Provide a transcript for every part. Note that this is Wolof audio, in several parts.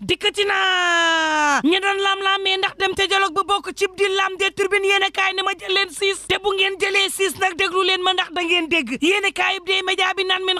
dikkati naa ñi doon lam-laamee ndax dem te dialogue ba bokk cib di lam de turbine yéen a ne ma jël leen siis te ngeen jëlee siis nag déglu leen ma ndax da ngeen dégg yéen a kaay bi média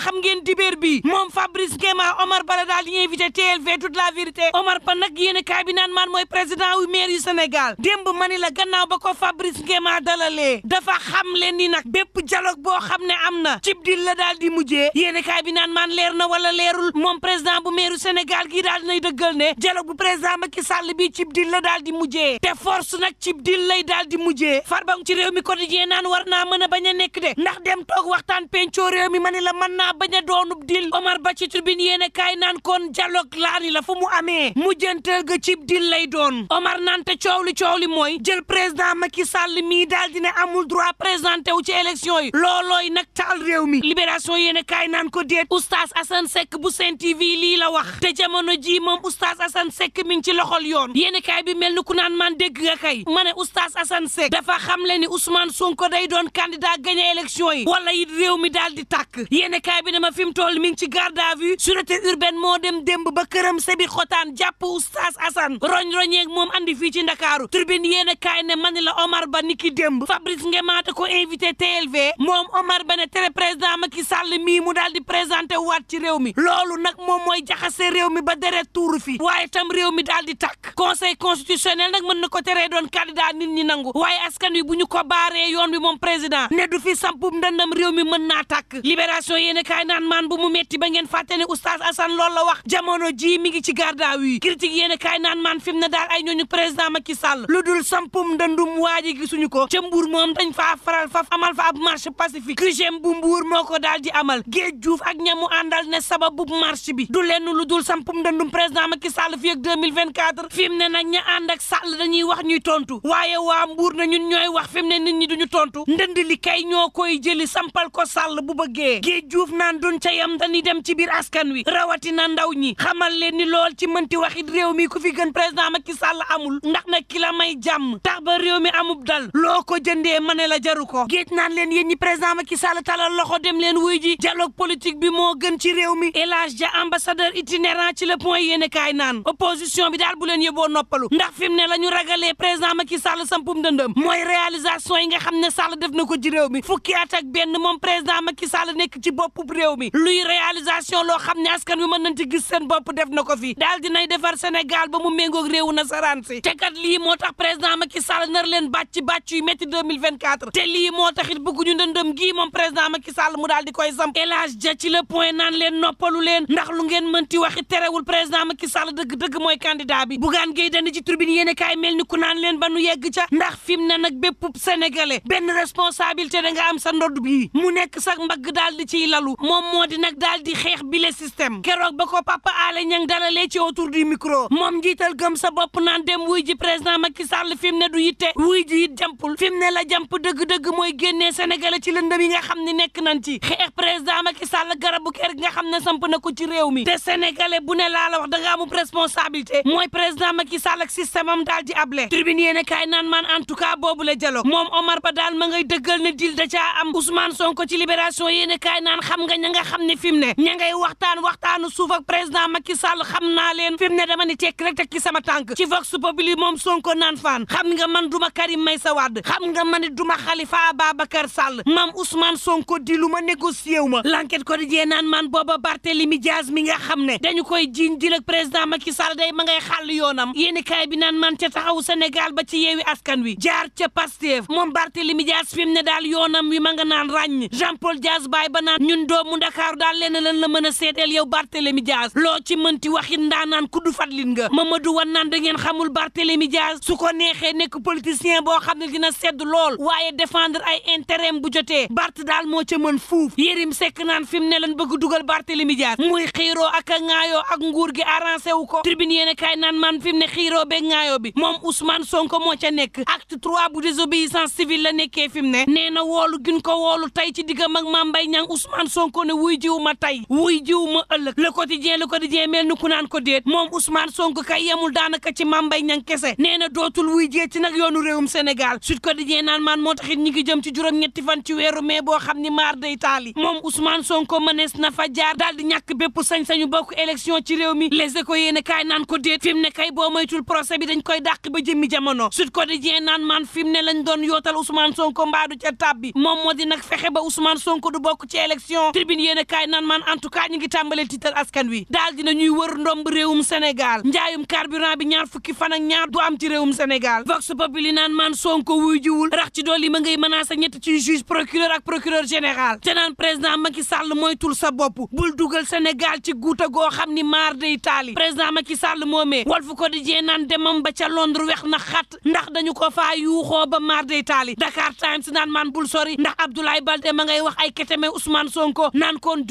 xam ngeen dibéer bi moom Fabrice Ngema Omar Ba la daal di invité TLV toute la vérité Omar Ba nag yéen a kaay bi naan man mooy président wu maire yu Sénégal démb mani la gannaaw ba ko Fabrice Ngema dalalee dafa xam leen ni nag bépp dialogue boo xam ne am na cib la daal di mujjee yéen bi naan man leer na wala leerul moom président bu maire yu Sénégal daal dinay dëggal yëgal ne dialogue bu président Macky Sall bi cib dil la daal di mujjee te force nag cib dil lay daal di mujjee farbang ci réew mi quotidien naan war naa mën a bañ a nekk de ndax dem toog waxtaan pencoo réew mi ma ni la man naa bañ a doonub dil Omar Ba ci tribune yéen a kaay naan kon dialogue laa ni la fu mu amee mujjanteel ga cib dil lay doon Omar naan te coow li li mooy jël président Macky Sall mii daal dina amul droit présenté wu ci élection yi loolooy nag taal réew mi libération yéen a ko déet oustaz Assane bu Sen TV lii la wax oustaz Assane Seck mi ngi ci loxol yoon yéeni kaay mel ni ku naan man dégg nga kay ma ne oustaz Assane Seck dafa xam le ni Ousmane Sonko day doon candidat gagné élection yi wala it réew mi daal di tàkk yéeni kaay bi dama fi mu toll mi ngi ci garde à moo dem demb ba këram sebi xotaan jàpp oustaz Assane roñ-roñeeg moom andi fii ci Ndakaaru turbine yéen kaay ne mani la Omar Ba ni ki démb Fabrice Ngemaate ko invité TLV moom Omar Ba ne tere président Macky Sall mii mu daal di présenté waat ci réew mi loolu nag moom mooy jaxase réew mi ba deret tuuru fi waaye tam réew mi daal di tàkk conseil constitutionnel nag mën na ko tere doon candidat nit ñi nangu waaye askan wi bu ñu ko baare yoon bi moom président ne du fi sampub ndëndam réew mi mën naa tàkk libération yéen kaay naan maan bu mu metti ba ngeen fàtte ne oustaz Assane loolu la wax jamono jii mi ngi ci gardaaw yi critique yéen naan maan fi mu ne daal ay ñooñu président Macky Sall lu dul sampum ndëndum waa ji gisuñu ko ca mbuur moom dañ faa faral fa amal fa ab marche pacifique CRGEM bu mbuur ko daal di amal géej juuf ak ñamu àndal ne sababu marche bi du lenn lu dul sampum ndëndum président Macky Sall fii ak 2024 fi ne nag ña ànd ak Sall dañuy wax ñuy tontu waaye waa mbuur na ñun ñooy wax fi mu ne nit ñi duñu tontu ndënd li kay ñoo koy jëli sampal ko sàll bu bëggee géej juuf naan duñ ca yam dañuy dem ci biir askan wi na ndaw ñi xamal leen ni lool ci mënti waxit réew mi ku fi gën président Macky Sall amul ndax na kila may jàmm tax ba réew mi amub dal loo ko jëndee ma ne la jaru ko géej naan leen yéen ñi président Macky Sall talal loxo dem leen wuy ji dialogue politique bi moo gën ci réew mi El Hadj Dia ambassadeur itinérant ci le point yéene kaay naan opposition bi daal bu leen yóbboo noppalu ndax fi ne la ñu ragalee président Macky Sall sampum dëndëm mooy réalisation yi xam ne Sall def na ko ci mi fukki at ak benn moom président Macky Sall nekk ci boppu réew mi luy réalisation loo xam ne askan wi mën nañ ci gis seen bopp def na ko fi daal dinay defar Sénégal ba mu méngoog réewu nasaraan si te kat lii moo tax président Macky Sall nar leen bàcc bàcc yu métti 2024 te lii moo tax it bëgguñu ndëndëm gii Sall dëgg-dëgg mooy candidat bi Bougane Gueye Dany ci tribune yéen kaay mel ni ku naan leen ba nu yegg ca ndax fi mu ne nag bépp sénégalais benn responsabilité da am sa ndodd bii mu nekk sax mbagg daal di ciy lalu moom moo di nag daal di xeex bi le système keroog ba ko Papa Alé Niang dalalee ci autour du micro moom njiital gëm sa bopp naan dem wuy ji président Macky Sall fi mu ne du yitte wuy ji it jampul fi mu ne la jamp dëgg-dëgg mooy génnee sénégalais ci lëndëm yi xam ne nekk nañ ci xeex président Sall garabu kër gi nga xam ne samp na ko ci réew mi te sénégalais bu ne laa la wax da nga bu responsabilité mooy président Macky Sall ak am daal di able tribune yéen a kaay naan man en la dialogue moom Omar Ba daal ma ngay dëggal dil da caa am Ousmane ci libération yéen a xam nga ña xam ne fi mu ne waxtaan diwaanu suuf ak président Macky Sall xam naa leen fi mu ne dama ni tekk rek tekki sama tànk ci vox populi moom Sonko naan faan xam nga man duma Karim Meïssa Wade xam nga man duma Khalifa Ababacar Sall maam Ousmane Sonko di lu ma négocié wu ma l'enquête ko di jee naan man booba Barthélemy Diaz mi nga xam ne dañu koy jiiñ di ak président Macky Sall day ma ngay xàll yoonam yéeni kaay bi naan man ca taxawu Sénégal ba ci yeewi askan wi jaar ca Pastef moom Barthélemy Diaz fi mu ne daal ma nga naan ràññ Jean Paul Diaz ba naan ñun doomu Ndakaaru daal leen lan la mën a seeteel yow Bart Barthélémy Dias loo ci mënti waxit ndaanaan ku du lin nga Mamadou wan naan da ngeen xamul Barthélémy Dias su ko neexee nekk politicien boo xam ne dina sedd lool waaye défendre ay intérêt bu jotee Bart daal moo ca mën fuuf Yérim sekk naan fi mu nelan bëgg dugal Barthélémy Dias muy xiiroo ak a ŋaayoo ak nguur gi arrangé wu ko tribune yéen kaay naan man fi mu ne xiiroo be ŋaayoo bi moom Ousmane Sonko moo ca nekk acte trois bu désobéissance civile la nekkee fi mu ne nee na woolu gin ko woolu tey ci diggam ak Mame Mbaye Niang Ousmane Sonko ne wuy jiw tey wuy jiw ma ëllëg le quotidien le quotidien mel ni ku naan ko déet moom Ousmane Sonko kay yemul daanaka ci mambay ñang kese nee na dootul wuy jee ci nag yoonu réewum Sénégal Sud Quotidien naan maan moo taxit ñi ngi jëm ci juróom-ñetti fan ci weeru mai boo xam ni maar day taali moom Ousmane Sonko mënees na fa jaar daal di ñàkk bépp sañ-sañu bokk élection ci réew mi les échos yéene kaay naan ko déet fi mu ne kay boo moytul procès bi dañ koy dàq ba jëmmi jamono Sud Quotidien naan maan fi mu ne lañ doon yootal Ousmane Sonko mbaadu ca tab bi moom moo di nag fexe ba Ousmane Sonko du bokk ci élection tribune yéene kaay naan maan en tout cas ñi ngi tàmbalee tiital yeesal askan wi daal dina ñuy wër ndomb réewum Sénégal njaayum carburant bi ñaar fukki fan ak ñaar du am ci réewum Sénégal vox populi naan man Sonko wuy wul rax ci dool yi ma ngay menacé ñett ci juge procureur ak procureur général te naan président Macky Sall moytul sa bopp bul dugal Sénégal ci guuta goo xam ni maar day taali président Macky Sall moomee Walf Quotidien naan demam ba ca Londres wex na xat ndax dañu ko faa yuuxoo ba maar day taali Dakar Times naan man bul sori ndax Abdoulaye Balde ma ngay wax ay keteme Ousmane Sonko naan kon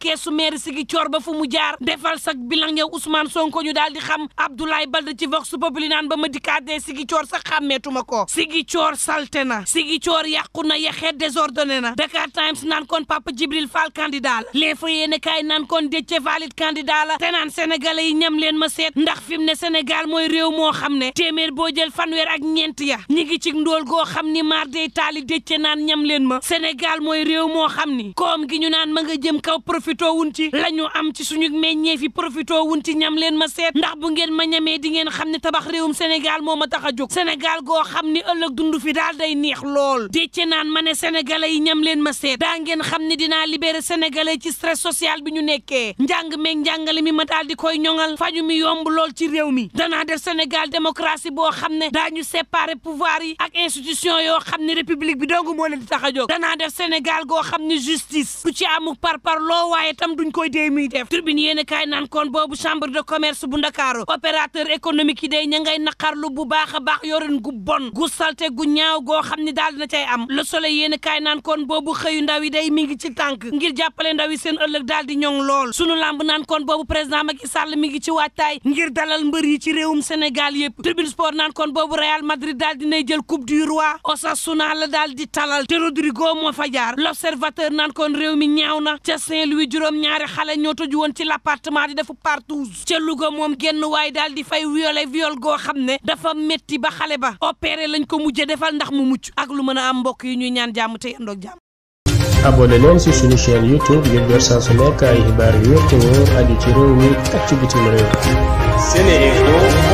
keesu maire sigi coor ba fu mu jaar defal sa bilan yow Ousmane Sonko ñu daal di xam Abdoulaye Balde ci vox i naan ba ma dikkaatee sigi coor sax xàmmeetuma ko sigi coor salte na sigi coor yàqu na yaxeet désordonné na Dakar Times naan kon Papa Djibril Fall candidat la les fa yéene kaay naan kon Déthié Fall it candidat la te naan sénégalais yi ñam leen ma seet ndax fi mu ne Sénégal mooy réew moo xam ne téeméer boo jël fanweer ak ñeent ya ñi ngi ci ndóol goo xam ni maar day taali Déthié naan ñam leen ma Sénégal mooy réew moo xam ni koom gi ñu naan profité wun ci la ñu am ci suñu meññee fi profité wun ci ñam leen ma seet ndax bu ngeen ma ñamee di ngeen xam ne tabax réewum Sénégal moo ma tax a jóg Sénégal goo xam ni ëllëg dund fi daal day neex lool décce naan ma ne sénégalais yi ñam leen ma seet daa ngeen xam ne dinaa libéré sénégalais ci stress social bi ñu nekkee njàng njàng njàngale mi ma daal di koy ñoŋal faju mi yomb lool ci réew mi danaa def Sénégal démocratie boo xam ne daañu séparer pouvoir yi ak institution yoo xam ne république bi dong moo leen di tax a jóg danaa def Sénégal goo xam ne justice ku ci amuk par par loo waaye tam duñ koy dee muy def tribune yéen kaay naan kon boobu chambre de commerce bu ndakaaru opérateur économique yi day ña ngay naqarlu bu baax a baax yorin gu bon gu salte gu ñaaw goo xam ni daal dina cay am le soleil yéen kaay naan kon boobu xëyu ndaw i day mi ngi ci tànk ngir jàppale ndaw yi seen ëllëg daal di ñoŋ lool sunu làmb naan kon boobu président Macky Sall mi ngi ci waajtaay ngir dalal mbër yi ci réewum Sénégal yëpp tribune sport naan kon boobu Real Madrid daal dinay jël coupe du roi Osasuna la daal di talal te Rodrigo moo fa jaar l'observateur naan kon réew mi ñaaw na wi juróom-ñaari xale ñoo tëju woon ci l'appartement di dafa partouze ca Louga moom génn waaye daal di fay violé viol goo xam ne dafa métti ba xale ba opéré lañ ko mujjee defal ndax mu mucc ak lu mën a am mbokk yi ñuy ñaan jàmm te yandoog jàmm abonné leen ci suñu chaîne youtube ngir jot saa su nekk ay xibaar yu wér te wóor aju ci réew mi ak ci bitim